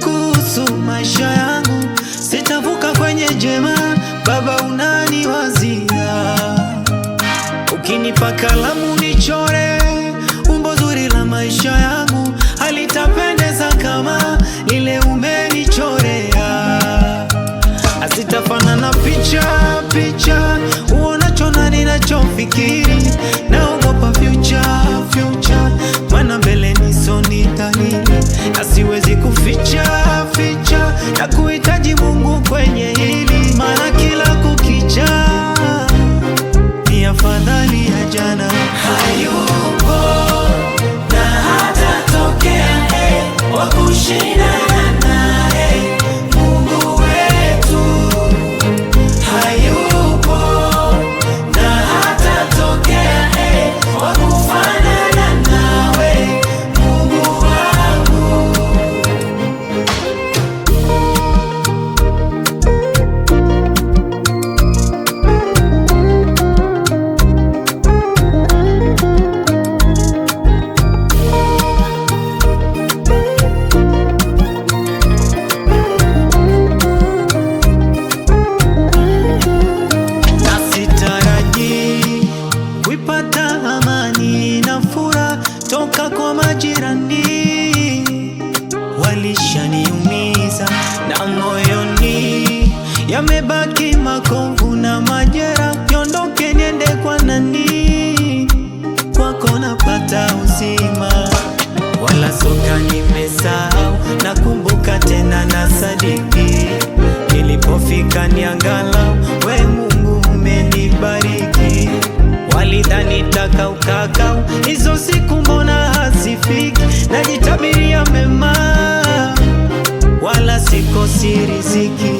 Kuhusu maisha yangu sitavuka kwenye jema, Baba unaniwaza Kini pakalamu ni chore change. majirani walishaniumiza na moyoni yamebaki mako najitabiria mema, wala sikosi riziki